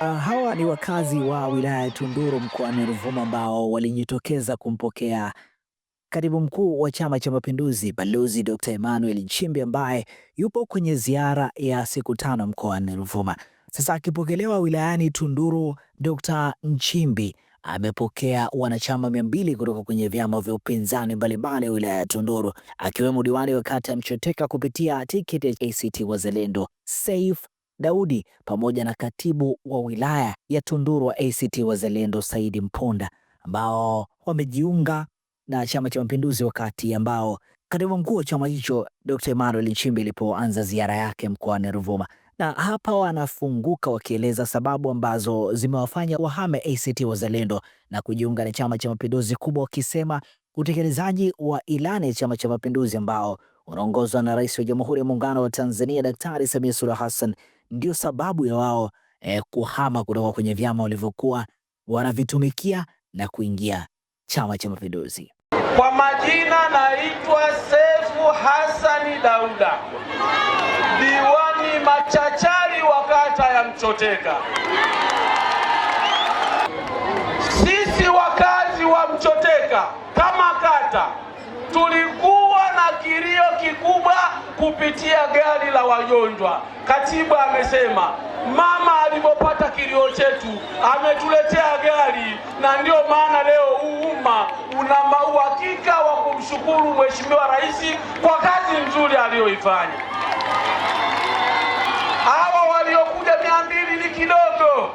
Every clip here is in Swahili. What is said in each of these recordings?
Uh, hawa ni wakazi wa wilaya ya Tunduru mkoani Ruvuma ambao walijitokeza kumpokea katibu mkuu wa Chama cha Mapinduzi Balozi Dr. Emmanuel Nchimbi ambaye yupo kwenye ziara ya siku tano mkoani Ruvuma. Sasa akipokelewa wilayani Tunduru, Dr. Nchimbi amepokea wanachama mia mbili kutoka kwenye vyama vya upinzani mbalimbali wilaya ya Tunduru, akiwemo diwani wa kata ya Mchoteka kupitia tiketi ya ACT Wazalendo Saif Daudi pamoja na katibu wa wilaya ya Tunduru wa ACT Wazalendo Saidi Mponda ambao wamejiunga na Chama cha Mapinduzi wakati ambao katibu mkuu wa chama hicho Dr. Emmanuel Nchimbi ilipoanza ziara yake mkoani Ruvuma. Na hapa wanafunguka wakieleza sababu ambazo zimewafanya wahame ACT Wazalendo na kujiunga na Chama cha Mapinduzi, kubwa wakisema utekelezaji wa ilani ya Chama cha Mapinduzi ambao unaongozwa na Rais wa Jamhuri ya Muungano wa Tanzania Daktari Samia Suluhu Hassan ndio sababu ya wao eh, kuhama kutoka kwenye vyama walivyokuwa wanavitumikia na kuingia Chama cha Mapinduzi. Kwa majina naitwa Sefu Hassani Dauda machachari wa kata ya Mchoteka. Sisi wakazi wa Mchoteka kama kata tulikuwa na kilio kikubwa kupitia gari la wagonjwa. Katibu amesema mama alipopata kilio chetu ametuletea gari, na ndiyo maana leo huu umma una uhakika wa kumshukuru Mheshimiwa Rais kwa kazi nzuri aliyoifanya hawa waliokuja mia mbili ni kidogo.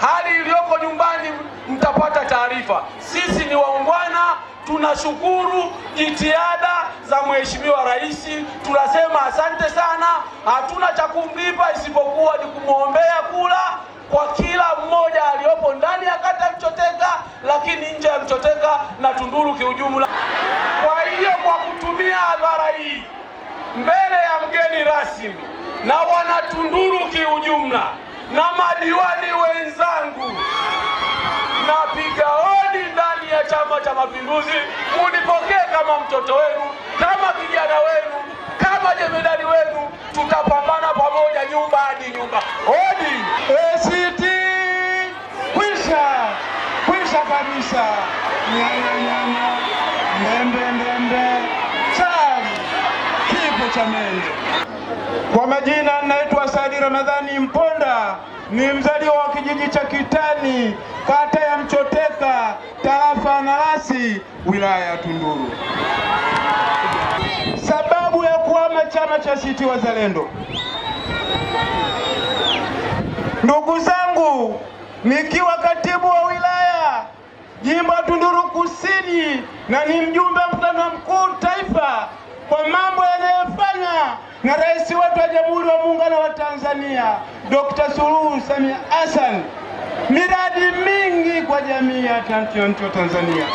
Hali iliyoko nyumbani mtapata taarifa. Sisi ni waungwana, tunashukuru jitihada za mheshimiwa rais, tunasema asante sana. Hatuna cha kumlipa isipokuwa ni kumwombea kula kwa kila mmoja aliyopo ndani ya kata Mchoteka, lakini nje ya Mchoteka na Tunduru kiujumla. Kwa hiyo kwa kutumia hadhara hii mbele ya mgeni rasmi na wanatunduru kiujumla na madiwani wenzangu, napiga hodi ndani ya Chama cha Mapinduzi, munipokee kama mtoto wenu, kama kijana wenu, kama jemedali wenu, tutapambana pamoja nyumba hadi nyumba. Hodi ACT! Kwisha kwisha kabisa, mbembe mbembe. Chamwenge. Kwa majina naitwa Saidi Ramadhani Mponda, ni mzaliwa wa kijiji cha Kitani, kata ya Mchoteka, tarafa Narasi, wilaya ya Tunduru. Sababu ya kuhama chama cha ACT Wazalendo, ndugu zangu, nikiwa katibu wa wilaya jimbo Tunduru Kusini na ni mjumbe mkutano mkuu taifa kwa mambo yanayofanya na rais wetu wa Jamhuri ya Muungano wa Tanzania Dr. Suluhu Samia Hassan, miradi mingi kwa jamii ya Tanzania ya Tanzania.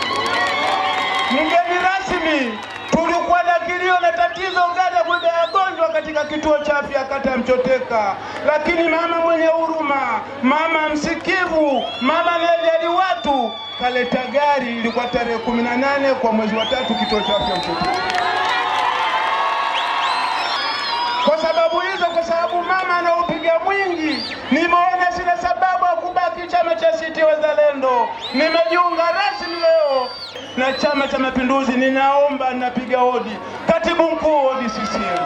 Mgeni rasmi, tulikuwa na kilio na tatizo gada kuda wagonjwa katika kituo cha afya kata ya Mchoteka, lakini mama mwenye huruma, mama msikivu, mama anayejali watu kaleta gari. Ilikuwa tarehe kumi na nane kwa mwezi wa tatu, kituo cha afya Mchoteka. Kwa sababu hizo, kwa sababu mama anaupiga mwingi, nimeona sina sababu ya kubaki chama cha ACT Wazalendo. Nimejiunga rasmi leo na chama cha Mapinduzi. Ninaomba, napiga hodi katibu mkuu, hodi mwenye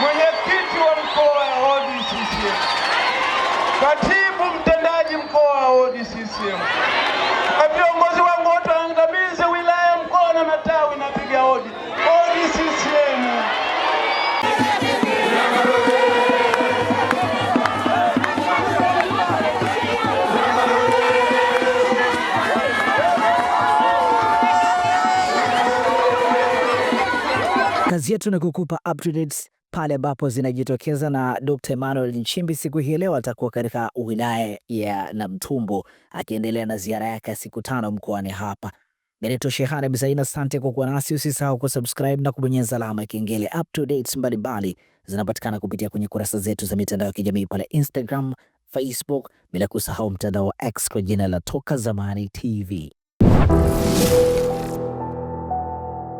mwenyekiti wa mkoa, hodi CCM, katibu mtendaji mkoa, hodi CCM, viongozi wangu wote kazi yetu ni kukupa updates pale ambapo zinajitokeza na Dr. Emmanuel Nchimbi siku hii leo atakuwa katika wilaya ya Namtumbo akiendelea na ziara yake ya siku tano mkoani hapa. Naitwa Shehani Mzaina, asante kwa kuwa nasi. Usisahau kusubscribe na kubonyeza alama ya kengele. Updates mbalimbali zinapatikana kupitia kwenye kurasa zetu za mitandao ya kijamii pale Instagram, Facebook, bila kusahau mtandao wa X kwa jina la Toka Zamani TV.